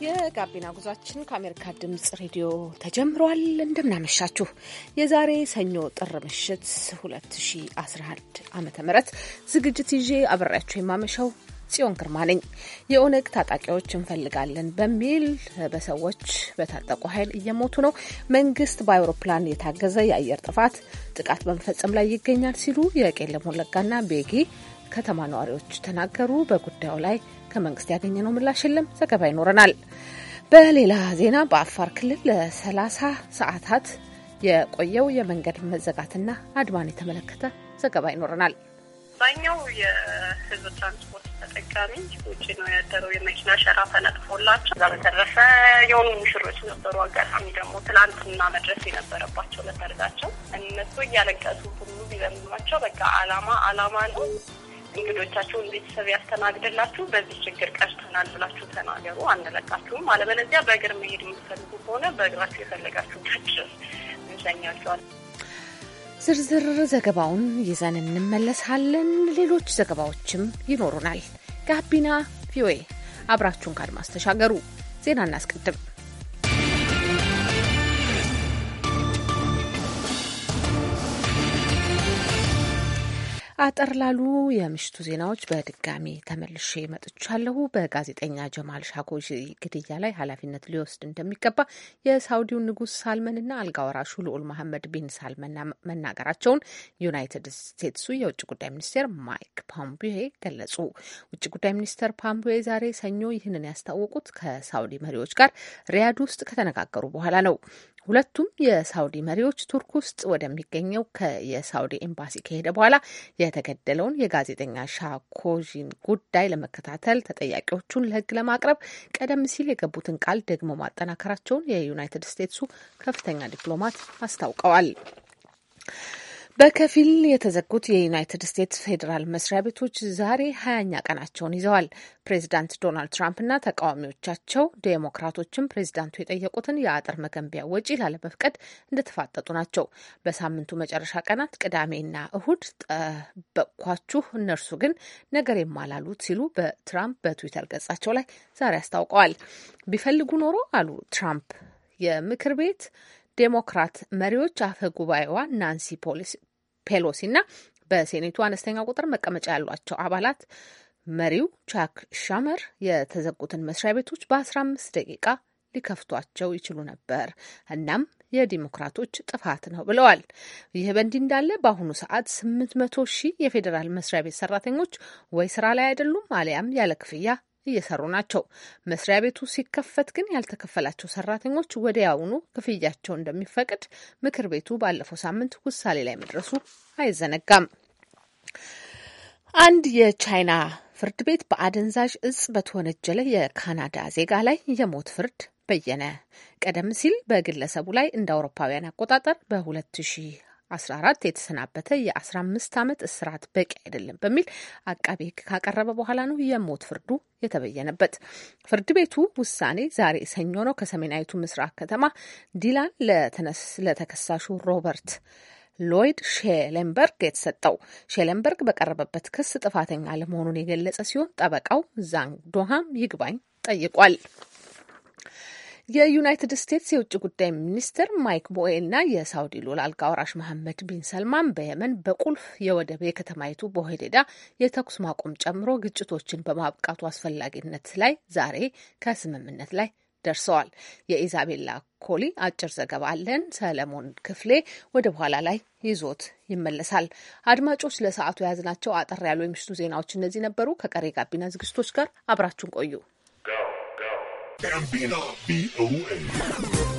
የጋቢና ጉዟችን ከአሜሪካ ድምጽ ሬዲዮ ተጀምሯል። እንደምናመሻችሁ የዛሬ ሰኞ ጥር ምሽት 2011 ዓ ም ዝግጅት ይዤ አብሬያችሁ የማመሻው ጽዮን ግርማ ነኝ። የኦነግ ታጣቂዎች እንፈልጋለን በሚል በሰዎች በታጠቁ ኃይል እየሞቱ ነው። መንግስት በአውሮፕላን የታገዘ የአየር ጥፋት ጥቃት በመፈጸም ላይ ይገኛል ሲሉ የቄለም ወለጋና ቤጊ ከተማ ነዋሪዎች ተናገሩ። በጉዳዩ ላይ ከመንግስት ያገኘ ነው ምላሽ የለም። ዘገባ ይኖረናል። በሌላ ዜና በአፋር ክልል ለሰላሳ ሰዓታት የቆየው የመንገድ መዘጋትና አድማን የተመለከተ ዘገባ ይኖረናል። አብዛኛው የህዝብ ትራንስፖርት ተጠቃሚ ውጭ ነው ያደረው የመኪና ሸራ ተነጥፎላቸው። እዛ በተረፈ የሆኑ ሙሽሮች ነበሩ። አጋጣሚ ደግሞ ትላንትና መድረስ የነበረባቸው ለሰርጋቸው እነሱ እያለቀሱ ሁሉ ቢለምኗቸው በቃ አላማ አላማ ነው እንግዶቻችሁን ቤተሰብ ያስተናግድላችሁ፣ በዚህ ችግር ቀርተናል ብላችሁ ተናገሩ፣ አንለቃችሁም። አለበለዚያ በእግር መሄድ የምትፈልጉ ከሆነ በእግራችሁ የፈለጋችሁ ድረስ እንሸኛችኋለን። ዝርዝር ዘገባውን ይዘን እንመለሳለን። ሌሎች ዘገባዎችም ይኖሩናል። ጋቢና ቪኦኤ አብራችሁን ካድማስ ተሻገሩ። ዜና እናስቀድም። አጠር ላሉ የምሽቱ ዜናዎች በድጋሚ ተመልሼ መጥቻለሁ። በጋዜጠኛ ጀማል ሻኮዥ ግድያ ላይ ኃላፊነት ሊወስድ እንደሚገባ የሳውዲው ንጉስ ሳልመንና አልጋ ወራሹ ልዑል መሐመድ ቢን ሳልመን መናገራቸውን ዩናይትድ ስቴትሱ የውጭ ጉዳይ ሚኒስቴር ማይክ ፖምፒዮ ገለጹ። ውጭ ጉዳይ ሚኒስትር ፖምፒዮ ዛሬ ሰኞ ይህንን ያስታወቁት ከሳውዲ መሪዎች ጋር ሪያድ ውስጥ ከተነጋገሩ በኋላ ነው። ሁለቱም የሳውዲ መሪዎች ቱርክ ውስጥ ወደሚገኘው ከየሳውዲ ኤምባሲ ከሄደ በኋላ የተገደለውን የጋዜጠኛ ሻኮዥን ጉዳይ ለመከታተል ተጠያቂዎቹን ለሕግ ለማቅረብ ቀደም ሲል የገቡትን ቃል ደግሞ ማጠናከራቸውን የዩናይትድ ስቴትሱ ከፍተኛ ዲፕሎማት አስታውቀዋል። በከፊል የተዘጉት የዩናይትድ ስቴትስ ፌዴራል መስሪያ ቤቶች ዛሬ ሀያኛ ቀናቸውን ይዘዋል። ፕሬዚዳንት ዶናልድ ትራምፕና ተቃዋሚዎቻቸው ዴሞክራቶችም ፕሬዚዳንቱ የጠየቁትን የአጥር መገንቢያ ወጪ ላለመፍቀድ እንደተፋጠጡ ናቸው። በሳምንቱ መጨረሻ ቀናት ቅዳሜና እሁድ ጠበቅኳችሁ፣ እነርሱ ግን ነገር የማላሉት ሲሉ በትራምፕ በትዊተር ገጻቸው ላይ ዛሬ አስታውቀዋል። ቢፈልጉ ኖሮ አሉ ትራምፕ የምክር ቤት ዴሞክራት መሪዎች አፈ ጉባኤዋ ናንሲ ፔሎሲና በሴኔቱ አነስተኛ ቁጥር መቀመጫ ያሏቸው አባላት መሪው ቻክ ሻመር የተዘጉትን መስሪያ ቤቶች በ15 ደቂቃ ሊከፍቷቸው ይችሉ ነበር እናም የዲሞክራቶች ጥፋት ነው ብለዋል። ይህ በእንዲህ እንዳለ በአሁኑ ሰዓት ስምንት መቶ ሺህ የፌዴራል መስሪያ ቤት ሰራተኞች ወይ ስራ ላይ አይደሉም አሊያም ያለ ክፍያ እየሰሩ ናቸው። መስሪያ ቤቱ ሲከፈት ግን ያልተከፈላቸው ሰራተኞች ወዲያውኑ ክፍያቸው እንደሚፈቅድ ምክር ቤቱ ባለፈው ሳምንት ውሳኔ ላይ መድረሱ አይዘነጋም። አንድ የቻይና ፍርድ ቤት በአደንዛዥ እጽ በተወነጀለ የካናዳ ዜጋ ላይ የሞት ፍርድ በየነ። ቀደም ሲል በግለሰቡ ላይ እንደ አውሮፓውያን አቆጣጠር በ20 14 የተሰናበተ የ15 ዓመት እስራት በቂ አይደለም በሚል አቃቢ ሕግ ካቀረበ በኋላ ነው የሞት ፍርዱ የተበየነበት። ፍርድ ቤቱ ውሳኔ ዛሬ ሰኞ ነው ከሰሜናዊቱ ምስራቅ ከተማ ዲላን ለተከሳሹ ሮበርት ሎይድ ሼለንበርግ የተሰጠው። ሼለንበርግ በቀረበበት ክስ ጥፋተኛ አለመሆኑን የገለጸ ሲሆን ጠበቃው ዛንግ ዶሃም ይግባኝ ጠይቋል። የዩናይትድ ስቴትስ የውጭ ጉዳይ ሚኒስትር ማይክ ቦኤ እና የሳውዲ ልዑል አልጋ ወራሽ መሐመድ ቢን ሰልማን በየመን በቁልፍ የወደብ የከተማይቱ ቦሄዴዳ የተኩስ ማቆም ጨምሮ ግጭቶችን በማብቃቱ አስፈላጊነት ላይ ዛሬ ከስምምነት ላይ ደርሰዋል። የኢዛቤላ ኮሊ አጭር ዘገባ አለን። ሰለሞን ክፍሌ ወደ በኋላ ላይ ይዞት ይመለሳል። አድማጮች፣ ለሰዓቱ የያዝናቸው አጠር ያሉ የምሽቱ ዜናዎች እነዚህ ነበሩ። ከቀሬ ጋቢና ዝግጅቶች ጋር አብራችሁን ቆዩ። Bambina B-O-A.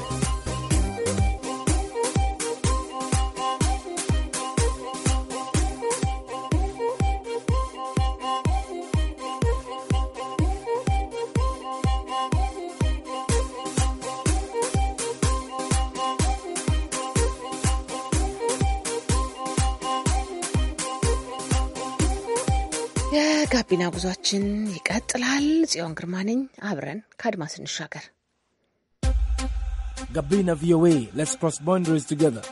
የጋቢና ጉዟችን ይቀጥላል። ጽዮን ግርማ ነኝ። አብረን ከአድማስ እንሻገር። ጋቢና ቪኦኤ ሌትስ ክሮስ ቦንደሪስ ቱጌዘር።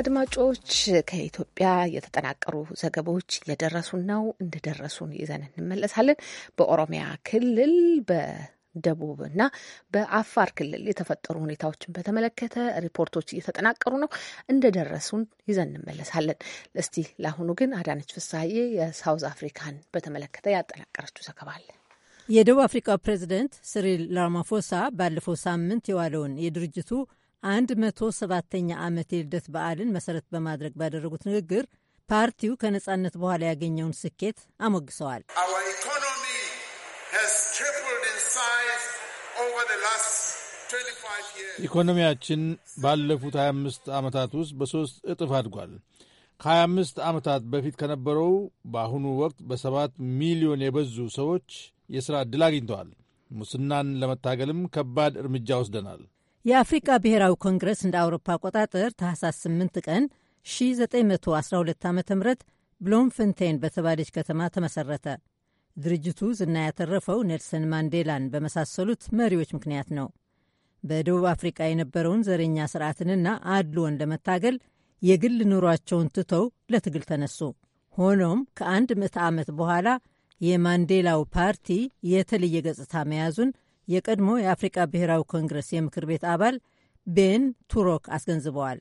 አድማጮች ከኢትዮጵያ የተጠናቀሩ ዘገባዎች እየደረሱን ነው። እንደደረሱን ይዘን እንመለሳለን። በኦሮሚያ ክልል በ ደቡብ እና በአፋር ክልል የተፈጠሩ ሁኔታዎችን በተመለከተ ሪፖርቶች እየተጠናቀሩ ነው። እንደደረሱን ይዘን እንመለሳለን። እስቲ ለአሁኑ ግን አዳነች ፍሳሐዬ የሳውዝ አፍሪካን በተመለከተ ያጠናቀረችው ዘገባ አለ። የደቡብ አፍሪካ ፕሬዚደንት ስሪል ራማፎሳ ባለፈው ሳምንት የዋለውን የድርጅቱ 107ኛ ዓመት የልደት በዓልን መሰረት በማድረግ ባደረጉት ንግግር ፓርቲው ከነጻነት በኋላ ያገኘውን ስኬት አሞግሰዋል። ኢኮኖሚያችን ባለፉት 25 ዓመታት ውስጥ በሦስት እጥፍ አድጓል። ከ25 ዓመታት በፊት ከነበረው በአሁኑ ወቅት በሰባት ሚሊዮን የበዙ ሰዎች የሥራ ዕድል አግኝተዋል። ሙስናን ለመታገልም ከባድ እርምጃ ወስደናል። የአፍሪቃ ብሔራዊ ኮንግረስ እንደ አውሮፓ አቆጣጠር ታህሳስ 8 ቀን 1912 ዓ ም ብሎምፍንቴን በተባለች ከተማ ተመሠረተ። ድርጅቱ ዝና ያተረፈው ኔልሰን ማንዴላን በመሳሰሉት መሪዎች ምክንያት ነው። በደቡብ አፍሪቃ የነበረውን ዘረኛ ስርዓትንና አድልዎን ለመታገል የግል ኑሯቸውን ትተው ለትግል ተነሱ። ሆኖም ከአንድ ምዕተ ዓመት በኋላ የማንዴላው ፓርቲ የተለየ ገጽታ መያዙን የቀድሞ የአፍሪቃ ብሔራዊ ኮንግረስ የምክር ቤት አባል ቤን ቱሮክ አስገንዝበዋል።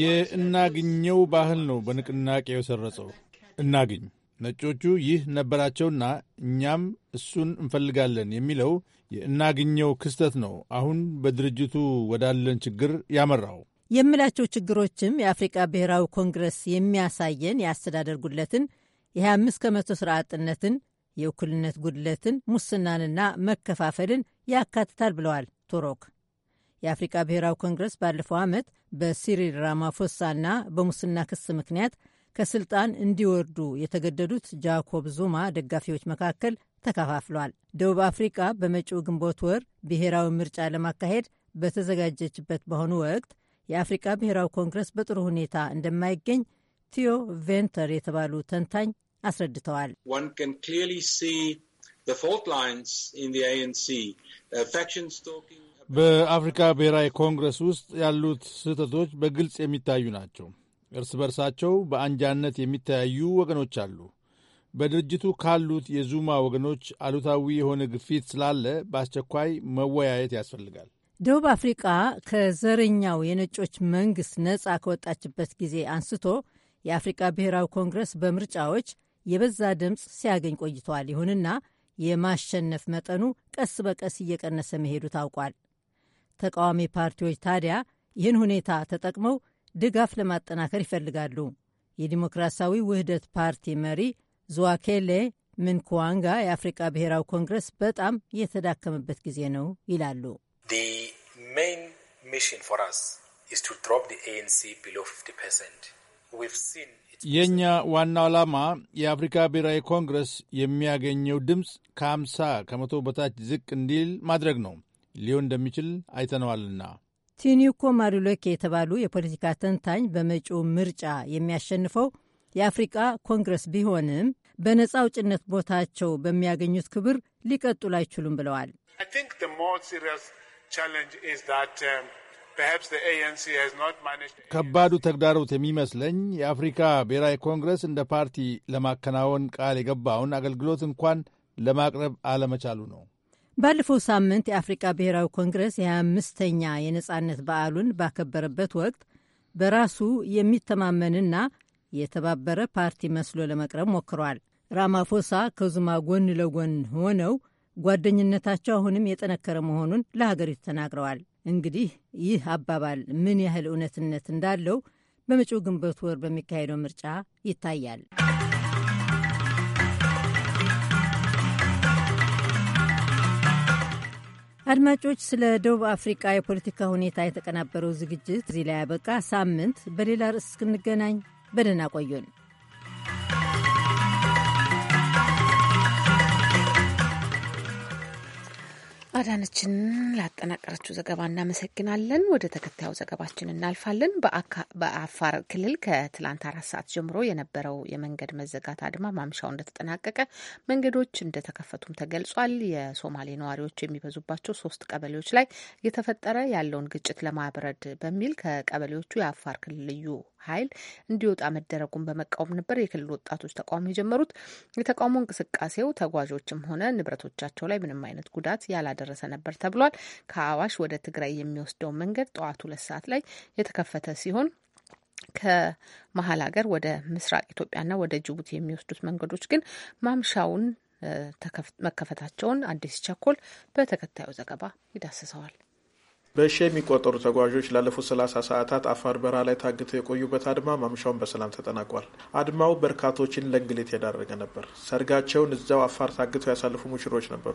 የእናግኘው ባህል ነው በንቅናቄ የሰረጸው። እናግኝ ነጮቹ ይህ ነበራቸውና እኛም እሱን እንፈልጋለን የሚለው የእናግኘው ክስተት ነው አሁን በድርጅቱ ወዳለን ችግር ያመራው። የምላቸው ችግሮችም የአፍሪቃ ብሔራዊ ኮንግረስ የሚያሳየን የአስተዳደር ጉድለትን፣ የ25 ከመቶ ሥራ አጥነትን፣ የእኩልነት ጉድለትን፣ ሙስናንና መከፋፈልን ያካትታል ብለዋል ቶሮክ። የአፍሪካ ብሔራዊ ኮንግረስ ባለፈው ዓመት በሲሪል ራማፎሳና በሙስና ክስ ምክንያት ከስልጣን እንዲወርዱ የተገደዱት ጃኮብ ዙማ ደጋፊዎች መካከል ተከፋፍሏል። ደቡብ አፍሪካ በመጪው ግንቦት ወር ብሔራዊ ምርጫ ለማካሄድ በተዘጋጀችበት በአሁኑ ወቅት የአፍሪካ ብሔራዊ ኮንግረስ በጥሩ ሁኔታ እንደማይገኝ ቲዮ ቬንተር የተባሉ ተንታኝ አስረድተዋል። በአፍሪካ ብሔራዊ ኮንግረስ ውስጥ ያሉት ስህተቶች በግልጽ የሚታዩ ናቸው። እርስ በርሳቸው በአንጃነት የሚተያዩ ወገኖች አሉ። በድርጅቱ ካሉት የዙማ ወገኖች አሉታዊ የሆነ ግፊት ስላለ በአስቸኳይ መወያየት ያስፈልጋል። ደቡብ አፍሪቃ ከዘረኛው የነጮች መንግሥት ነጻ ከወጣችበት ጊዜ አንስቶ የአፍሪቃ ብሔራዊ ኮንግረስ በምርጫዎች የበዛ ድምፅ ሲያገኝ ቆይቷል። ይሁንና የማሸነፍ መጠኑ ቀስ በቀስ እየቀነሰ መሄዱ ታውቋል። ተቃዋሚ ፓርቲዎች ታዲያ ይህን ሁኔታ ተጠቅመው ድጋፍ ለማጠናከር ይፈልጋሉ። የዲሞክራሲያዊ ውህደት ፓርቲ መሪ ዙዋኬሌ ምንኩዋንጋ የአፍሪቃ ብሔራዊ ኮንግረስ በጣም የተዳከመበት ጊዜ ነው ይላሉ። የእኛ ዋናው ዓላማ የአፍሪካ ብሔራዊ ኮንግረስ የሚያገኘው ድምፅ ከ50 ከመቶ በታች ዝቅ እንዲል ማድረግ ነው። ሊሆን እንደሚችል አይተነዋልና። ቲኒኮ ማዱሎኬ የተባሉ የፖለቲካ ተንታኝ በመጪው ምርጫ የሚያሸንፈው የአፍሪቃ ኮንግረስ ቢሆንም በነፃ አውጭነት ቦታቸው በሚያገኙት ክብር ሊቀጥሉ አይችሉም ብለዋል። um, ከባዱ ተግዳሮት የሚመስለኝ የአፍሪካ ብሔራዊ ኮንግረስ እንደ ፓርቲ ለማከናወን ቃል የገባውን አገልግሎት እንኳን ለማቅረብ አለመቻሉ ነው። ባለፈው ሳምንት የአፍሪቃ ብሔራዊ ኮንግረስ የ 2 ምስተኛ የነፃነት በዓሉን ባከበረበት ወቅት በራሱ የሚተማመንና የተባበረ ፓርቲ መስሎ ለመቅረብ ሞክሯል። ራማፎሳ ከዙማ ጎን ለጎን ሆነው ጓደኝነታቸው አሁንም የጠነከረ መሆኑን ለሀገሪቱ ተናግረዋል። እንግዲህ ይህ አባባል ምን ያህል እውነትነት እንዳለው በመጪው ግንቦት ወር በሚካሄደው ምርጫ ይታያል። አድማጮች፣ ስለ ደቡብ አፍሪቃ የፖለቲካ ሁኔታ የተቀናበረው ዝግጅት እዚህ ላይ ያበቃ። ሳምንት በሌላ ርዕስ እስክንገናኝ በደህና ቆዩን። አዳነችን ላጠናቀረችው ዘገባ እናመሰግናለን። ወደ ተከታዩ ዘገባችን እናልፋለን። በአፋር ክልል ከትላንት አራት ሰዓት ጀምሮ የነበረው የመንገድ መዘጋት አድማ ማምሻው እንደተጠናቀቀ መንገዶች እንደተከፈቱም ተገልጿል። የሶማሌ ነዋሪዎች የሚበዙባቸው ሶስት ቀበሌዎች ላይ እየተፈጠረ ያለውን ግጭት ለማብረድ በሚል ከቀበሌዎቹ የአፋር ክልል ልዩ ኃይል እንዲወጣ መደረጉን በመቃወም ነበር የክልል ወጣቶች ተቃውሞ የጀመሩት። የተቃውሞ እንቅስቃሴው ተጓዦችም ሆነ ንብረቶቻቸው ላይ ምንም አይነት ጉዳት ያላደረሰ ነበር ተብሏል። ከአዋሽ ወደ ትግራይ የሚወስደው መንገድ ጠዋት ሁለት ሰዓት ላይ የተከፈተ ሲሆን ከመሀል ሀገር ወደ ምስራቅ ኢትዮጵያና ወደ ጅቡቲ የሚወስዱት መንገዶች ግን ማምሻውን መከፈታቸውን አዲስ ቸኮል በተከታዩ ዘገባ ይዳስሰዋል። በሺ የሚቆጠሩ ተጓዦች ላለፉት ሰላሳ ሰዓታት አፋር በረሃ ላይ ታግተው የቆዩበት አድማ ማምሻውን በሰላም ተጠናቋል። አድማው በርካቶችን ለእንግልት የዳረገ ነበር። ሰርጋቸውን እዚያው አፋር ታግተው ያሳልፉ ሙሽሮች ነበሩ።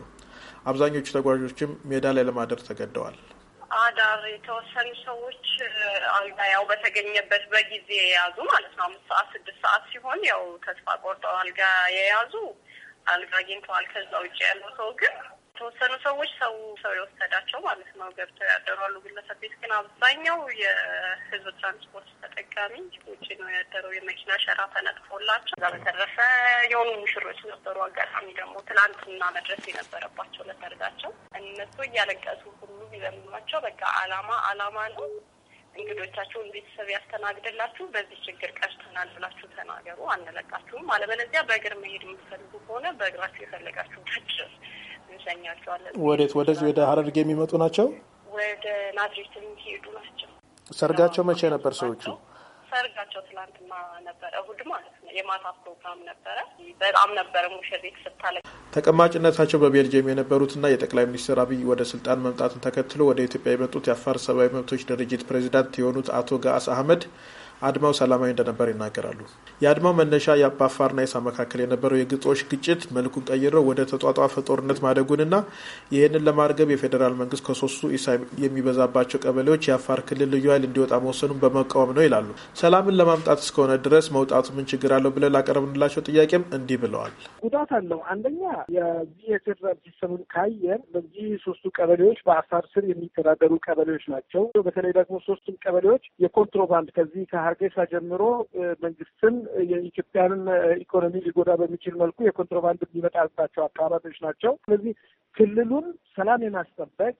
አብዛኞቹ ተጓዦችም ሜዳ ላይ ለማደር ተገደዋል። አዳር የተወሰኑ ሰዎች አልጋ ያው በተገኘበት በጊዜ የያዙ ማለት ነው። አምስት ሰዓት ስድስት ሰዓት ሲሆን ያው ተስፋ ቆርጠው አልጋ የያዙ አልጋ አግኝተዋል። ከዛ ውጭ ያለው ሰው ግን የተወሰኑ ሰዎች ሰው ሰው የወሰዳቸው ማለት ነው ገብተው ያደሯሉ። ግለሰብ ቤት ግን አብዛኛው የህዝብ ትራንስፖርት ተጠቃሚ ውጭ ነው ያደረው። የመኪና ሸራ ተነጥፎላቸው። እዛ በተረፈ የሆኑ ሙሽሮች ነበሩ። አጋጣሚ ደግሞ ትላንትና መድረስ የነበረባቸው ለሰርጋቸው እነሱ እያለቀሱ ሁሉ ቢለምኗቸው በቃ አላማ አላማ ነው እንግዶቻችሁን ቤተሰብ ያስተናግድላችሁ፣ በዚህ ችግር ቀርተናል ብላችሁ ተናገሩ፣ አንለቃችሁም። አለበለዚያ በእግር መሄድ የምትፈልጉ ከሆነ በእግራችሁ የፈለጋችሁ ድረስ እንሸኛቸዋለን። ወዴት? ወደዚህ ወደ ሀረርጌ የሚመጡ ናቸው። ወደ ናዝሬት የሚሄዱ ናቸው። ሰርጋቸው መቼ ነበር ሰዎቹ? ሰርጋቸው ትላንትማ ነበረ፣ እሁድ ማለት ነው። የማታ ፕሮግራም ነበረ። በጣም ነበረ ሙሽሪት ስታለ። ተቀማጭነታቸው በቤልጅየም የነበሩትና የጠቅላይ ሚኒስትር አብይ ወደ ስልጣን መምጣትን ተከትሎ ወደ ኢትዮጵያ የመጡት የአፋር ሰብአዊ መብቶች ድርጅት ፕሬዚዳንት የሆኑት አቶ ጋአስ አህመድ አድማው ሰላማዊ እንደነበር ይናገራሉ። የአድማው መነሻ የአባፋርና የሳ መካከል የነበረው የግጦሽ ግጭት መልኩን ቀይረው ወደ ተጧጧፈ ጦርነት ማደጉንና ይህንን ለማርገብ የፌዴራል መንግስት ከሶስቱ ኢሳ የሚበዛባቸው ቀበሌዎች የአፋር ክልል ልዩ ኃይል እንዲወጣ መወሰኑን በመቃወም ነው ይላሉ። ሰላምን ለማምጣት እስከሆነ ድረስ መውጣቱ ምን ችግር አለው ብለን ላቀረብንላቸው ጥያቄም እንዲህ ብለዋል። ጉዳት አለው። አንደኛ የዚህ የፌዴራል ሲስተሙን ካየን በዚህ ሶስቱ ቀበሌዎች በአፋር ስር የሚተዳደሩ ቀበሌዎች ናቸው። በተለይ ደግሞ ሶስቱም ቀበሌዎች የኮንትሮባንድ ከዚህ ከሀርጌሳ ጀምሮ መንግስትም የኢትዮጵያንን ኢኮኖሚ ሊጎዳ በሚችል መልኩ የኮንትሮባንድ የሚመጣባቸው አካባቢዎች ናቸው። ስለዚህ ክልሉን ሰላም የማስጠበቅ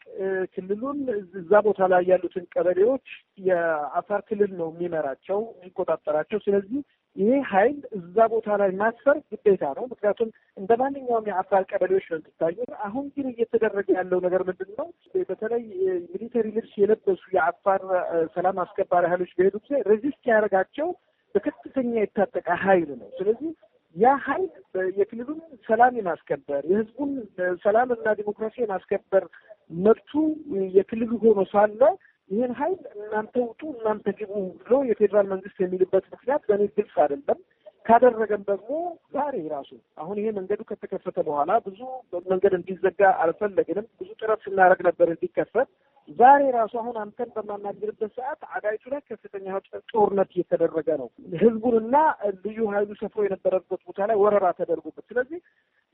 ክልሉን እዛ ቦታ ላይ ያሉትን ቀበሌዎች የአፋር ክልል ነው የሚመራቸው የሚቆጣጠራቸው። ስለዚህ ይሄ ኃይል እዛ ቦታ ላይ ማስፈር ግዴታ ነው። ምክንያቱም እንደ ማንኛውም የአፋር ቀበሌዎች ነው የሚታዩ። አሁን ግን እየተደረገ ያለው ነገር ምንድን ነው? በተለይ ሚሊተሪ ልብስ የለበሱ የአፋር ሰላም አስከባሪ ኃይሎች በሄዱ ጊዜ ሬዚስት ያደረጋቸው በከፍተኛ የታጠቀ ኃይል ነው። ስለዚህ ያ ኃይል የክልሉን ሰላም የማስከበር የህዝቡን ሰላምና ዲሞክራሲ የማስከበር መብቱ የክልሉ ሆኖ ሳለ ይህን ሀይል እናንተ ውጡ፣ እናንተ ግቡ ብሎ የፌዴራል መንግስት የሚልበት ምክንያት ለእኔ ግልጽ አይደለም። ካደረገም ደግሞ ዛሬ ራሱ አሁን ይሄ መንገዱ ከተከፈተ በኋላ ብዙ መንገድ እንዲዘጋ አልፈለግንም። ብዙ ጥረት ስናደርግ ነበር እንዲከፈት። ዛሬ ራሱ አሁን አንተን በማናገርበት ሰዓት አዳይቱ ላይ ከፍተኛ ጦርነት እየተደረገ ነው። ህዝቡንና ልዩ ሀይሉ ሰፍሮ የነበረበት ቦታ ላይ ወረራ ተደርጎበት፣ ስለዚህ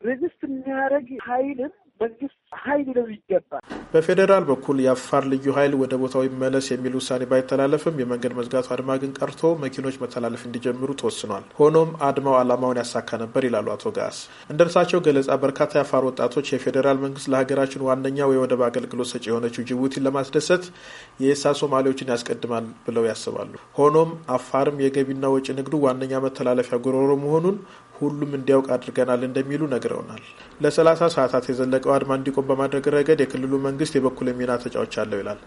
ሬዚስት የሚያደርግ ሀይልን መንግስት ሀይል ይለው ይገባል። በፌዴራል በኩል የአፋር ልዩ ኃይል ወደ ቦታው ይመለስ የሚል ውሳኔ ባይተላለፍም የመንገድ መዝጋቱ አድማ ግን ቀርቶ መኪኖች መተላለፍ እንዲጀምሩ ተወስኗል። ሆኖም አድማው ዓላማውን ያሳካ ነበር ይላሉ አቶ ጋስ። እንደ እርሳቸው ገለጻ በርካታ የአፋር ወጣቶች የፌዴራል መንግስት ለሀገራችን ዋነኛ የወደብ አገልግሎት ሰጪ የሆነችው ጅቡቲን ለማስደሰት የእሳ ሶማሌዎችን ያስቀድማል ብለው ያስባሉ። ሆኖም አፋርም የገቢና ወጪ ንግዱ ዋነኛ መተላለፊያ ጉሮሮ መሆኑን ሁሉም እንዲያውቅ አድርገናል እንደሚሉ ነግረውናል። ለሰላሳ ሰዓታት የዘለቀው አድማ እንዲቆም በማድረግ ረገድ የክልሉ መንግስት የበኩል ሚና አለው ይላል።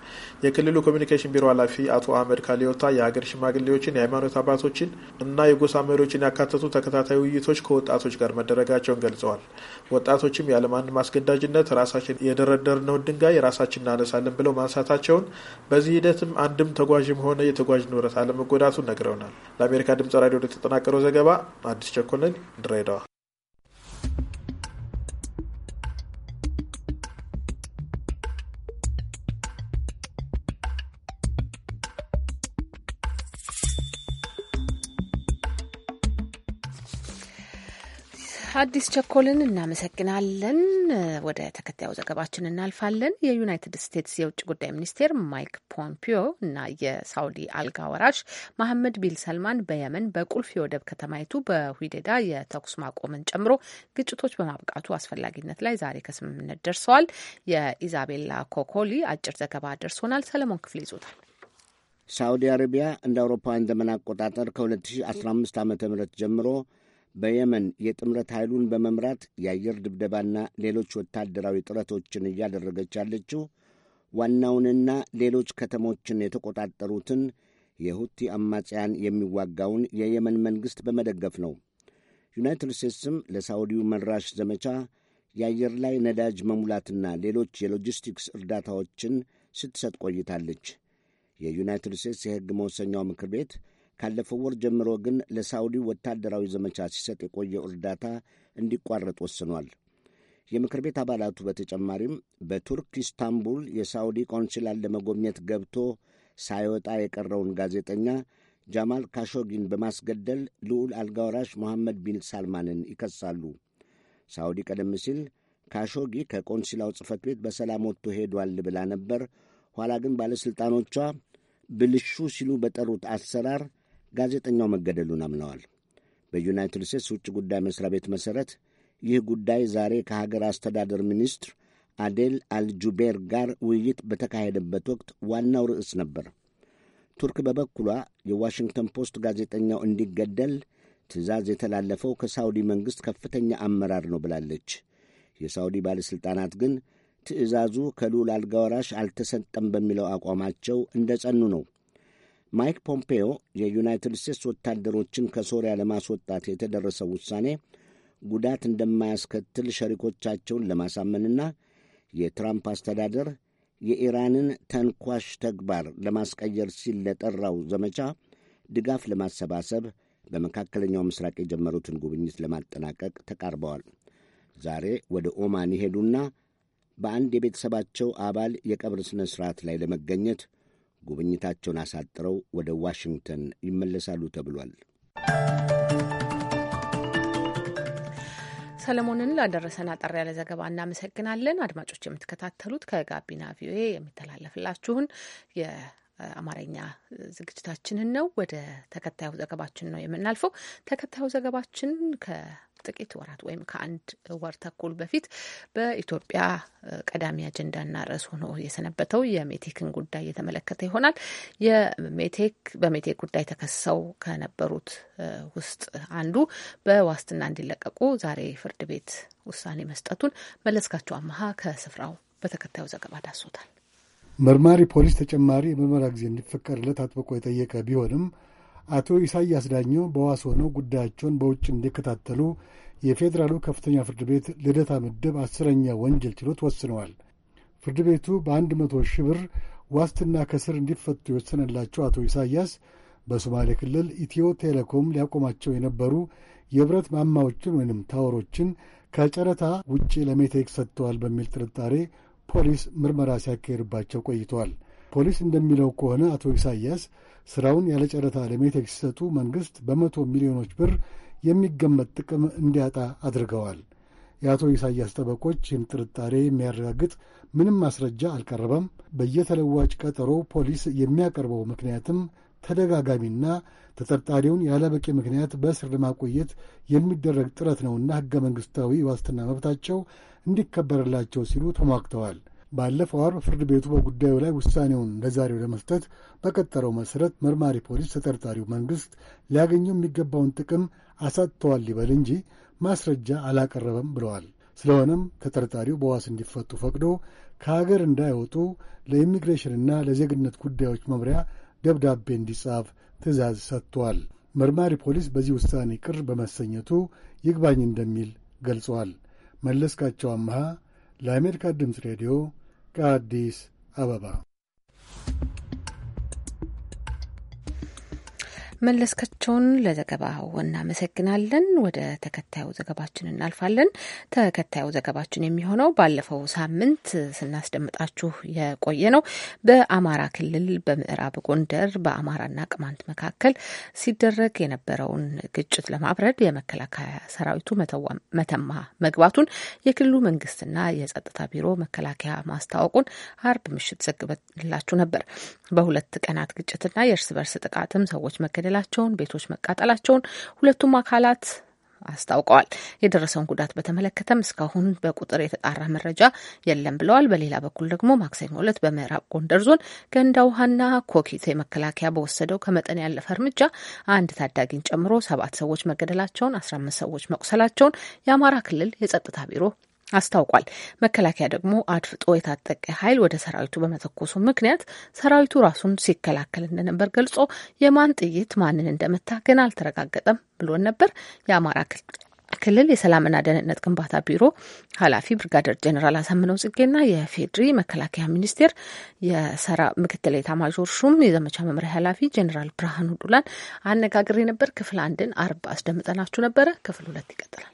የክልሉ ኮሚኒኬሽን ቢሮ ኃላፊ አቶ አህመድ ካሊዮታ የሀገር ሽማግሌዎችን፣ የሃይማኖት አባቶችን እና የጎሳ መሪዎችን ያካተቱ ተከታታይ ውይይቶች ከወጣቶች ጋር መደረጋቸውን ገልጸዋል። ወጣቶችም ያለማንም አስገዳጅነት ራሳችን የደረደርነውን ድንጋይ ራሳችን እናነሳለን ብለው ማንሳታቸውን፣ በዚህ ሂደትም አንድም ተጓዥም ሆነ የተጓዥ ንብረት አለመጎዳቱን ነግረውናል። ለአሜሪካ ድምጽ ራዲዮ የተጠናቀረው ዘገባ አዲስ ቸኮለን reloj አዲስ ቸኮልን እናመሰግናለን። ወደ ተከታዩ ዘገባችን እናልፋለን። የዩናይትድ ስቴትስ የውጭ ጉዳይ ሚኒስቴር ማይክ ፖምፒዮ እና የሳውዲ አልጋ ወራሽ መሐመድ ቢን ሰልማን በየመን በቁልፍ የወደብ ከተማይቱ በሁዴዳ የተኩስ ማቆምን ጨምሮ ግጭቶች በማብቃቱ አስፈላጊነት ላይ ዛሬ ከስምምነት ደርሰዋል። የኢዛቤላ ኮኮሊ አጭር ዘገባ ደርሶናል። ሰለሞን ክፍል ይዞታል። ሳውዲ አረቢያ እንደ አውሮፓውያን ዘመን አቆጣጠር ከ2015 ዓ ም ጀምሮ በየመን የጥምረት ኃይሉን በመምራት የአየር ድብደባና ሌሎች ወታደራዊ ጥረቶችን እያደረገች ያለችው ዋናውንና ሌሎች ከተሞችን የተቆጣጠሩትን የሁቲ አማጽያን የሚዋጋውን የየመን መንግሥት በመደገፍ ነው። ዩናይትድ ስቴትስም ለሳውዲው መራሽ ዘመቻ የአየር ላይ ነዳጅ መሙላትና ሌሎች የሎጂስቲክስ እርዳታዎችን ስትሰጥ ቆይታለች። የዩናይትድ ስቴትስ የሕግ መወሰኛው ምክር ቤት ካለፈው ወር ጀምሮ ግን ለሳውዲ ወታደራዊ ዘመቻ ሲሰጥ የቆየው እርዳታ እንዲቋረጥ ወስኗል። የምክር ቤት አባላቱ በተጨማሪም በቱርክ ኢስታንቡል የሳውዲ ቆንስላን ለመጎብኘት ገብቶ ሳይወጣ የቀረውን ጋዜጠኛ ጃማል ካሾጊን በማስገደል ልዑል አልጋወራሽ መሐመድ ቢን ሳልማንን ይከሳሉ። ሳውዲ ቀደም ሲል ካሾጊ ከቆንስላው ጽሕፈት ቤት በሰላም ወጥቶ ሄዷል ብላ ነበር። ኋላ ግን ባለሥልጣኖቿ ብልሹ ሲሉ በጠሩት አሰራር ጋዜጠኛው መገደሉን አምነዋል። በዩናይትድ ስቴትስ ውጭ ጉዳይ መሥሪያ ቤት መሠረት ይህ ጉዳይ ዛሬ ከሀገር አስተዳደር ሚኒስትር አዴል አልጁቤር ጋር ውይይት በተካሄደበት ወቅት ዋናው ርዕስ ነበር። ቱርክ በበኩሏ የዋሽንግተን ፖስት ጋዜጠኛው እንዲገደል ትዕዛዝ የተላለፈው ከሳውዲ መንግሥት ከፍተኛ አመራር ነው ብላለች። የሳውዲ ባለሥልጣናት ግን ትዕዛዙ ከልዑል አልጋወራሽ አልተሰጠም በሚለው አቋማቸው እንደ ጸኑ ነው ማይክ ፖምፔዮ የዩናይትድ ስቴትስ ወታደሮችን ከሶሪያ ለማስወጣት የተደረሰው ውሳኔ ጉዳት እንደማያስከትል ሸሪኮቻቸውን ለማሳመንና የትራምፕ አስተዳደር የኢራንን ተንኳሽ ተግባር ለማስቀየር ሲል ለጠራው ዘመቻ ድጋፍ ለማሰባሰብ በመካከለኛው ምስራቅ የጀመሩትን ጉብኝት ለማጠናቀቅ ተቃርበዋል። ዛሬ ወደ ኦማን የሄዱና በአንድ የቤተሰባቸው አባል የቀብር ሥነ ሥርዓት ላይ ለመገኘት ጉብኝታቸውን አሳጥረው ወደ ዋሽንግተን ይመለሳሉ ተብሏል። ሰለሞንን ላደረሰን አጠር ያለ ዘገባ እናመሰግናለን። አድማጮች የምትከታተሉት ከጋቢና ቪኦኤ የሚተላለፍላችሁን የአማርኛ ዝግጅታችንን ነው። ወደ ተከታዩ ዘገባችን ነው የምናልፈው። ተከታዩ ዘገባችን ከ ጥቂት ወራት ወይም ከአንድ ወር ተኩል በፊት በኢትዮጵያ ቀዳሚ አጀንዳና ርዕስ ሆኖ የሰነበተው የሜቴክን ጉዳይ የተመለከተ ይሆናል። የሜቴክ በሜቴክ ጉዳይ ተከሰው ከነበሩት ውስጥ አንዱ በዋስትና እንዲለቀቁ ዛሬ ፍርድ ቤት ውሳኔ መስጠቱን መለስካቸው አመሃ ከስፍራው በተከታዩ ዘገባ ዳሶታል። መርማሪ ፖሊስ ተጨማሪ የምርመራ ጊዜ እንዲፈቀድለት አጥብቆ የጠየቀ ቢሆንም አቶ ኢሳያስ ዳኘው በዋስ ሆነው ጉዳያቸውን በውጭ እንዲከታተሉ የፌዴራሉ ከፍተኛ ፍርድ ቤት ልደታ ምድብ አስረኛ ወንጀል ችሎት ወስነዋል። ፍርድ ቤቱ በአንድ መቶ ሺህ ብር ዋስትና ከስር እንዲፈቱ የወሰነላቸው አቶ ኢሳያስ በሶማሌ ክልል ኢትዮ ቴሌኮም ሊያቆማቸው የነበሩ የብረት ማማዎችን ወይንም ታወሮችን ከጨረታ ውጪ ለሜቴክ ሰጥተዋል በሚል ጥርጣሬ ፖሊስ ምርመራ ሲያካሄድባቸው ቆይተዋል። ፖሊስ እንደሚለው ከሆነ አቶ ኢሳያስ ስራውን ያለ ጨረታ ለሜቴክ ሲሰጡ መንግሥት በመቶ ሚሊዮኖች ብር የሚገመት ጥቅም እንዲያጣ አድርገዋል። የአቶ ኢሳያስ ጠበቆች ይህን ጥርጣሬ የሚያረጋግጥ ምንም ማስረጃ አልቀረበም። በየተለዋጭ ቀጠሮ ፖሊስ የሚያቀርበው ምክንያትም ተደጋጋሚና ተጠርጣሪውን ያለ በቂ ምክንያት በእስር ለማቆየት የሚደረግ ጥረት ነውና ሕገ መንግሥታዊ ዋስትና መብታቸው እንዲከበርላቸው ሲሉ ተሟግተዋል። ባለፈው አርብ ፍርድ ቤቱ በጉዳዩ ላይ ውሳኔውን ለዛሬው ለመስጠት በቀጠረው መሠረት መርማሪ ፖሊስ ተጠርጣሪው መንግሥት ሊያገኘው የሚገባውን ጥቅም አሳጥተዋል ይበል እንጂ ማስረጃ አላቀረበም ብለዋል። ስለሆነም ተጠርጣሪው በዋስ እንዲፈቱ ፈቅዶ ከሀገር እንዳይወጡ ለኢሚግሬሽንና ለዜግነት ጉዳዮች መምሪያ ደብዳቤ እንዲጻፍ ትእዛዝ ሰጥቷል። መርማሪ ፖሊስ በዚህ ውሳኔ ቅር በመሰኘቱ ይግባኝ እንደሚል ገልጿል። መለስካቸው አምሃ ለአሜሪካ ድምፅ ሬዲዮ ከአዲስ አበባ መለስካቸውን ለዘገባው እናመሰግናለን። ወደ ተከታዩ ዘገባችን እናልፋለን። ተከታዩ ዘገባችን የሚሆነው ባለፈው ሳምንት ስናስደምጣችሁ የቆየ ነው። በአማራ ክልል በምዕራብ ጎንደር በአማራና ቅማንት መካከል ሲደረግ የነበረውን ግጭት ለማብረድ የመከላከያ ሰራዊቱ መተማ መግባቱን የክልሉ መንግስትና የጸጥታ ቢሮ መከላከያ ማስታወቁን አርብ ምሽት ዘግበላችሁ ነበር። በሁለት ቀናት ግጭትና የእርስ በርስ ጥቃትም ሰዎች መገደል መገደላቸውን፣ ቤቶች መቃጠላቸውን ሁለቱም አካላት አስታውቀዋል። የደረሰውን ጉዳት በተመለከተም እስካሁን በቁጥር የተጣራ መረጃ የለም ብለዋል። በሌላ በኩል ደግሞ ማክሰኞ ዕለት በምዕራብ ጎንደር ዞን ገንዳ ውሃና ኮኪቴ መከላከያ በወሰደው ከመጠን ያለፈ እርምጃ አንድ ታዳጊን ጨምሮ ሰባት ሰዎች መገደላቸውን፣ አስራ አምስት ሰዎች መቁሰላቸውን የአማራ ክልል የጸጥታ ቢሮ አስታውቋል። መከላከያ ደግሞ አድፍጦ የታጠቀ ኃይል ወደ ሰራዊቱ በመተኮሱ ምክንያት ሰራዊቱ ራሱን ሲከላከል እንደነበር ገልጾ የማን ጥይት ማንን እንደመታ ግን አልተረጋገጠም ብሎን ነበር። የአማራ ክልል የሰላምና ደህንነት ግንባታ ቢሮ ኃላፊ ብርጋደር ጀኔራል አሳምነው ጽጌና የፌድሪ መከላከያ ሚኒስቴር የሰራ ምክትል ኤታማዦር ሹም የዘመቻ መምሪያ ኃላፊ ጀኔራል ብርሃኑ ዱላን አነጋግሬ ነበር። ክፍል አንድን አርብ አስደምጠናችሁ ነበረ። ክፍል ሁለት ይቀጥላል።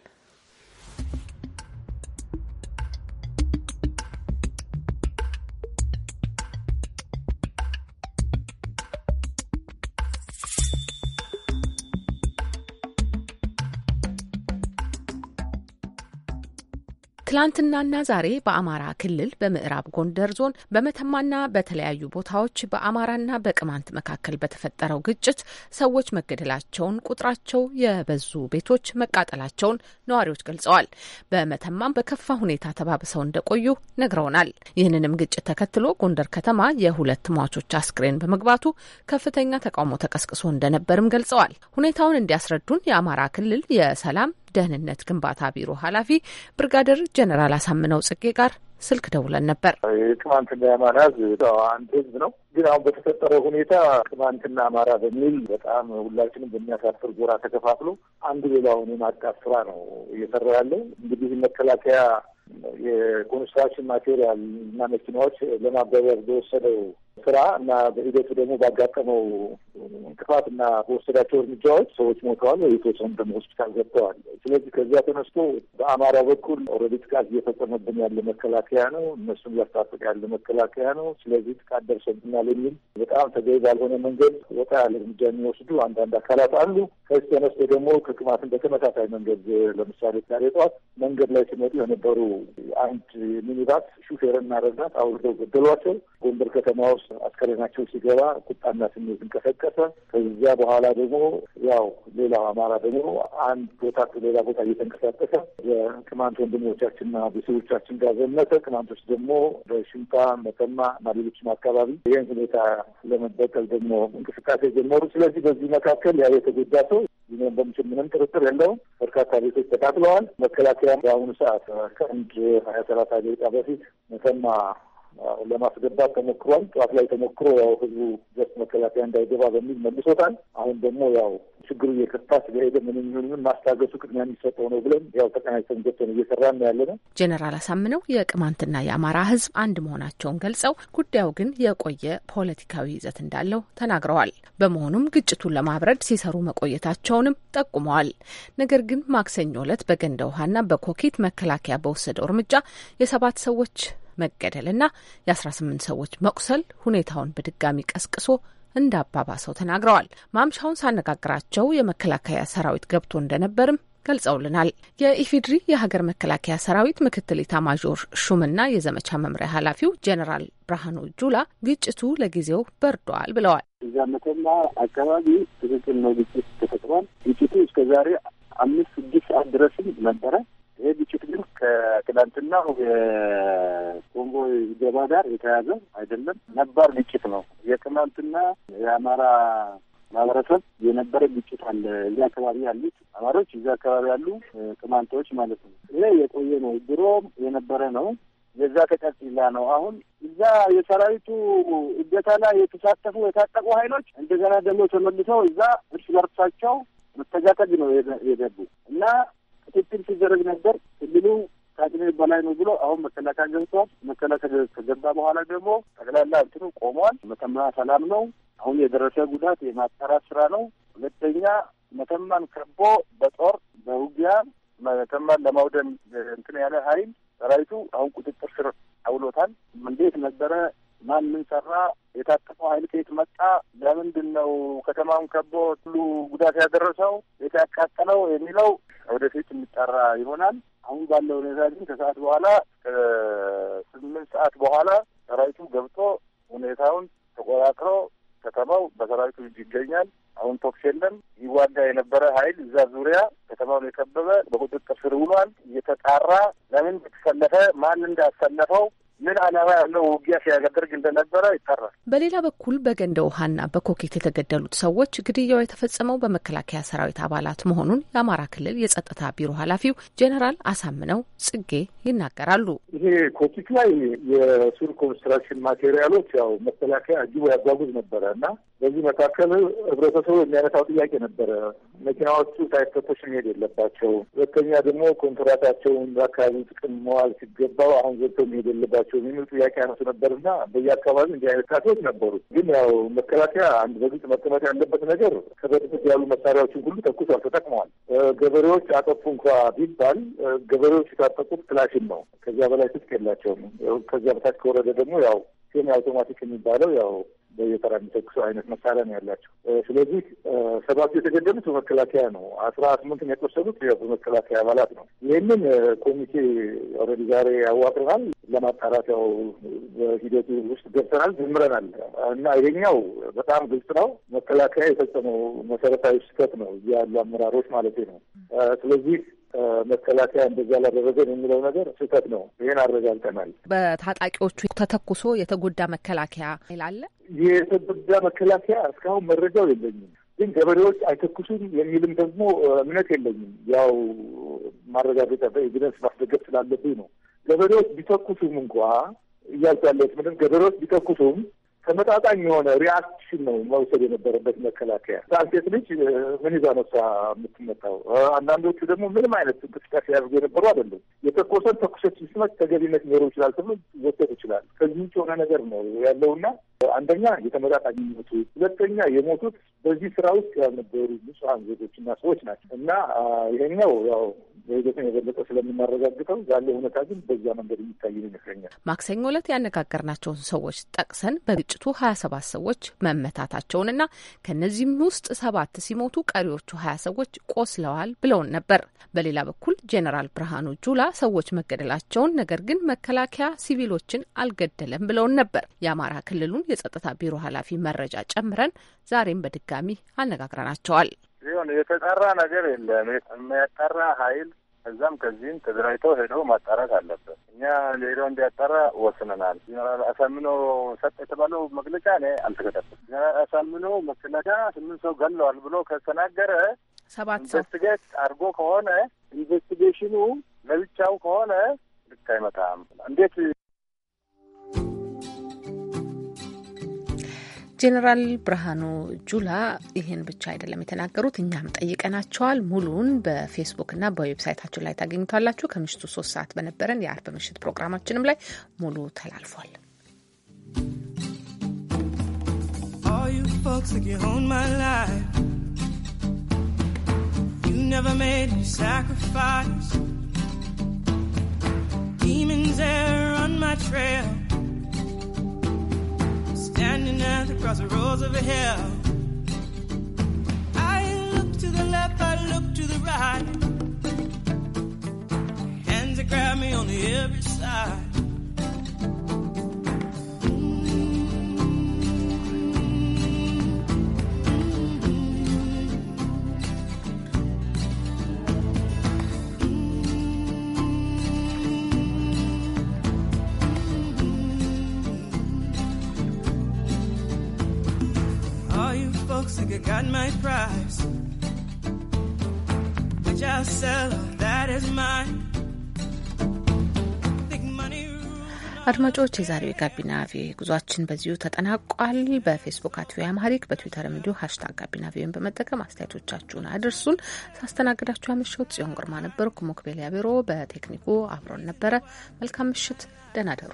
ትላንትናና ዛሬ በአማራ ክልል በምዕራብ ጎንደር ዞን በመተማና በተለያዩ ቦታዎች በአማራና በቅማንት መካከል በተፈጠረው ግጭት ሰዎች መገደላቸውን፣ ቁጥራቸው የበዙ ቤቶች መቃጠላቸውን ነዋሪዎች ገልጸዋል። በመተማም በከፋ ሁኔታ ተባብሰው እንደቆዩ ነግረውናል። ይህንንም ግጭት ተከትሎ ጎንደር ከተማ የሁለት ሟቾች አስክሬን በመግባቱ ከፍተኛ ተቃውሞ ተቀስቅሶ እንደነበርም ገልጸዋል። ሁኔታውን እንዲያስረዱን የአማራ ክልል የሰላም ደህንነት ግንባታ ቢሮ ኃላፊ ብርጋደር ጀኔራል አሳምነው ጽጌ ጋር ስልክ ደውለን ነበር። የቅማንትና የአማራ ሕዝብ አንድ ህዝብ ነው። ግን አሁን በተፈጠረው ሁኔታ ቅማንትና አማራ በሚል በጣም ሁላችንም በሚያሳፍር ጎራ ተከፋፍሎ አንዱ ሌላውን የማጥቃት ስራ ነው እየሰራ ያለው። እንግዲህ መከላከያ የኮንስትራክሽን ማቴሪያል እና መኪናዎች ለማጓጓዝ በወሰደው ስራ እና በሂደቱ ደግሞ ባጋጠመው እንቅፋት እና በወሰዳቸው እርምጃዎች ሰዎች ሞተዋል ወይ የተወሰኑ ደግሞ ሆስፒታል ገብተዋል። ስለዚህ ከዚያ ተነስቶ በአማራ በኩል ኦልሬዲ ጥቃት እየፈጸመብን ያለ መከላከያ ነው፣ እነሱን እያስታጠቀ ያለ መከላከያ ነው። ስለዚህ ጥቃት ደርሰብናል የሚል በጣም ተገቢ ባልሆነ መንገድ ወጣ ያለ እርምጃ የሚወስዱ አንዳንድ አካላት አሉ። ከዚህ ተነስቶ ደግሞ ከቅማትን በተመሳሳይ መንገድ ለምሳሌ ዛሬ ጠዋት መንገድ ላይ ሲመጡ የነበሩ አንድ ሚኒባስ ሹፌርና ረዳት አውርደው ገደሏቸው። ጎንደር ከተማ ውስጥ አስከሬናቸው ሲገባ ቁጣና ስሜት እንቀሰቀሰ። ከዚያ በኋላ ደግሞ ያው ሌላው አማራ ደግሞ አንድ ቦታ ሌላ ቦታ እየተንቀሳቀሰ የቅማንት ወንድሞቻችንና ቤተሰቦቻችን ጋር ዘመተ። ቅማንቶች ደግሞ በሽምጣ መተማ እና ሌሎችም አካባቢ ይህን ሁኔታ ለመበቀል ደግሞ እንቅስቃሴ ጀመሩ። ስለዚህ በዚህ መካከል ያ የተጎዳ ሰው ይኖር በምችል ምንም ጥርጥር የለውም። በርካታ ቤቶች ተቃጥለዋል። መከላከያ በአሁኑ ሰዓት ከአንድ ሀያ ሰላሳ ደቂቃ በፊት መተማ ለማስገባት ተሞክሯል። ጠዋት ላይ ተሞክሮ ያው ህዝቡ ጀት መከላከያ እንዳይገባ በሚል መልሶታል። አሁን ደግሞ ያው ችግሩ እየከፋ ስለሄደ ምንም ይሁን ምን ማስታገሱ ቅድሚያ የሚሰጠው ነው ብለን ያው ተቀናጅተን ገብተን እየሰራን ያለ ነው። ጄኔራል አሳምነው የቅማንትና የአማራ ህዝብ አንድ መሆናቸውን ገልጸው ጉዳዩ ግን የቆየ ፖለቲካዊ ይዘት እንዳለው ተናግረዋል። በመሆኑም ግጭቱን ለማብረድ ሲሰሩ መቆየታቸውንም ጠቁመዋል። ነገር ግን ማክሰኞ ለት በገንደ ውሃና በኮኬት መከላከያ በወሰደው እርምጃ የሰባት ሰዎች መገደል እና የ18 ሰዎች መቁሰል ሁኔታውን በድጋሚ ቀስቅሶ እንዳባባሰው ተናግረዋል። ማምሻውን ሳነጋግራቸው የመከላከያ ሰራዊት ገብቶ እንደነበርም ገልጸውልናል። የኢፌድሪ የሀገር መከላከያ ሰራዊት ምክትል ኢታማዦር ሹምና የዘመቻ መምሪያ ኃላፊው ጀኔራል ብርሃኑ ጁላ ግጭቱ ለጊዜው በርዷል ብለዋል። እዛ መተማ አካባቢ ትክክል ነው፣ ግጭት ተፈጥሯል። ግጭቱ እስከ ዛሬ አምስት ስድስት ሰዓት ድረስም ነበረ። ይሄ ግጭት ግን ከትላንትናው የኮንጎ ገባ ጋር የተያዘ አይደለም፣ ነባር ግጭት ነው። የትላንትና የአማራ ማህበረሰብ የነበረ ግጭት አለ። እዚህ አካባቢ ያሉት አማሮች፣ እዚህ አካባቢ ያሉ ቅማንቶች ማለት ነው። ይሄ የቆየ ነው፣ ድሮም የነበረ ነው። የዛ ተቀጽላ ነው። አሁን እዛ የሰራዊቱ እገታ ላይ የተሳተፉ የታጠቁ ኃይሎች እንደገና ደግሞ ተመልሰው እዛ እርስ በርሳቸው መተጋተግ ነው የገቡ እና ክትትል ሲደረግ ነበር። ክልሉ ከአቅሜ በላይ ነው ብሎ አሁን መከላከያ ገብቷል። መከላከያ ከገባ በኋላ ደግሞ ጠቅላላ እንትኑ ቆሟል። መተማ ሰላም ነው። አሁን የደረሰ ጉዳት የማጣራት ስራ ነው። ሁለተኛ መተማን ከቦ በጦር በውጊያ መተማን ለማውደም እንትን ያለ ኃይል ሰራዊቱ አሁን ቁጥጥር ስር አውሎታል። እንዴት ነበረ ማን ምን ሰራ፣ የታጠቀው ኃይል ከየት መጣ፣ ለምንድን ነው ከተማውን ከቦ ሁሉ ጉዳት ያደረሰው፣ የት ያቃጠለው የሚለው ወደፊት የሚጠራ ይሆናል። አሁን ባለው ሁኔታ ግን ከሰዓት በኋላ ከስምንት ሰዓት በኋላ ሰራዊቱ ገብቶ ሁኔታውን ተቆጣጥሮ ከተማው በሰራዊቱ እጅ ይገኛል። አሁን ቶክስ የለም። ይዋጋ የነበረ ኃይል እዛ ዙሪያ ከተማውን የከበበ በቁጥጥር ስር ውሏል። እየተጣራ ለምን እንደተሰለፈ ማን እንዳሰለፈው ምን ዓላማ ያለው ውጊያ ሲያደርግ እንደነበረ ይጠራል። በሌላ በኩል በገንደ ውሃና በኮኬት የተገደሉት ሰዎች ግድያው የተፈጸመው በመከላከያ ሰራዊት አባላት መሆኑን የአማራ ክልል የጸጥታ ቢሮ ኃላፊው ጄኔራል አሳምነው ጽጌ ይናገራሉ። ይሄ ኮኬት ላይ የሱር ኮንስትራክሽን ማቴሪያሎች ያው መከላከያ እጅቦ ያጓጉዝ ነበረ እና በዚህ መካከል ህብረተሰቡ የሚያነሳው ጥያቄ ነበረ መኪናዎቹ ሳይፈተሽ መሄድ የለባቸው። ሁለተኛ ደግሞ ኮንትራታቸውን በአካባቢ ጥቅም መዋል ሲገባው አሁን ዘግተው መሄድ የለባቸው የሚል ጥያቄ አነሱ ነበርና በየአካባቢ እንዲህ አይነት ካቶች ነበሩ። ግን ያው መከላከያ አንድ በግልጽ መቀመጥ ያለበት ነገር ከበፊት ያሉ መሳሪያዎችን ሁሉ ተኩሰው ተጠቅመዋል። ገበሬዎች አጠፉ እንኳ ቢባል ገበሬዎች የታጠቁት ክላሽን ነው። ከዚያ በላይ ትጥቅ የላቸውም። ከዚያ በታች ከወረደ ደግሞ ያው ሴሚ አውቶማቲክ የሚባለው ያው በየተራ የሚተኩሱ አይነት መሳሪያ ነው ያላቸው። ስለዚህ ሰባቱ የተገደሉት በመከላከያ ነው። አስራ ስምንቱን የቆሰሉት በመከላከያ አባላት ነው። ይህንን ኮሚቴ ኦልሬዲ ዛሬ ያዋቅረናል ለማጣራት ያው በሂደቱ ውስጥ ገብተናል፣ ጀምረናል እና ይሄኛው በጣም ግልጽ ነው። መከላከያ የፈጸመው መሰረታዊ ስህተት ነው፣ ያሉ አመራሮች ማለት ነው። ስለዚህ መከላከያ እንደዛ ላደረገን የሚለው ነገር ስህተት ነው። ይህን አረጋግጠናል። በታጣቂዎቹ ተተኩሶ የተጎዳ መከላከያ ይላለ የተጎዳ መከላከያ እስካሁን መረጃው የለኝም። ግን ገበሬዎች አይተኩሱም የሚልም ደግሞ እምነት የለኝም። ያው ማረጋገጫ በኤቪደንስ ማስደገፍ ስላለብኝ ነው። ገበሬዎች ቢተኩሱም እንኳ እያልኩ ያለሁት ምንም ገበሬዎች ቢተኩሱም ተመጣጣኝ የሆነ ሪያክሽን ነው መውሰድ የነበረበት መከላከያ። ሴት ልጅ ምን ይዛ ነው የምትመጣው? አንዳንዶቹ ደግሞ ምንም አይነት እንቅስቃሴ ያደርጉ የነበሩ አይደለም። የተኮሰን ተኩሶች ሲስመት ተገቢነት ሊኖረው ይችላል ተብሎ ወሰድ ይችላል። ከዚህ ውጭ የሆነ ነገር ነው ያለውና አንደኛ የተመጣጣኝ ሞቱ፣ ሁለተኛ የሞቱት በዚህ ስራ ውስጥ ያልነበሩ ንጹሐን እና ሰዎች ናቸው እና ይሄኛው ያው በሂደቱን የበለጠ ስለምናረጋግጠው ያለው እውነታ ግን በዛ መንገድ የሚታይ ይመስለኛል። ማክሰኞ ዕለት ያነጋገርናቸውን ሰዎች ጠቅሰን በግጭ በግጭቱ 27 ሰዎች መመታታቸውንና ከእነዚህም ውስጥ ሰባት ሲሞቱ ቀሪዎቹ 20 ሰዎች ቆስለዋል ብለውን ነበር። በሌላ በኩል ጄኔራል ብርሃኑ ጁላ ሰዎች መገደላቸውን ነገር ግን መከላከያ ሲቪሎችን አልገደለም ብለውን ነበር። የአማራ ክልሉን የጸጥታ ቢሮ ኃላፊ መረጃ ጨምረን ዛሬም በድጋሚ አነጋግረናቸዋል። የተጠራ ነገር የለም። የሚያጠራ ኃይል ከዛም ከዚህም ተደራጅተው ሄደው ማጣራት አለበት። እኛ ሌላው እንዲያጣራ ወስነናል። ጀነራል አሳምኖ ሰጥ የተባለው መግለጫ እኔ አልተገጠም። ጀነራል አሳምኖ መከላከያ ስምንት ሰው ገለዋል ብሎ ከተናገረ ሰባት ሰው ኢንቨስቲጌት አድርጎ ከሆነ ኢንቨስቲጌሽኑ ለብቻው ከሆነ ልክ አይመጣም። እንዴት ጄኔራል ብርሃኑ ጁላ ይህን ብቻ አይደለም የተናገሩት። እኛም ጠይቀናቸዋል። ሙሉውን በፌስቡክና በዌብሳይታችን ላይ ታገኙታላችሁ። ከምሽቱ ሶስት ሰዓት በነበረን የአርብ ምሽት ፕሮግራማችንም ላይ ሙሉ ተላልፏል። Demons there on my trail 99th across the roads of hell. I look to the left, I look to the right. Hands that grab me on every side. got my prize. Which I'll sell, that is mine. አድማጮች የዛሬው የጋቢና ቪኦኤ ጉዟችን በዚሁ ተጠናቋል። በፌስቡክ አት ቪኦኤ አማሪክ በትዊተርም እንዲሁ ሀሽታግ ጋቢና ቪዮን በመጠቀም አስተያየቶቻችሁን አድርሱን። ሳስተናግዳችሁ ያመሸሁት ጽዮን ግርማ ነበርኩ። ሞክቤል ቢሮ በቴክኒኩ አብሮን ነበረ። መልካም ምሽት፣ ደህና ደሩ።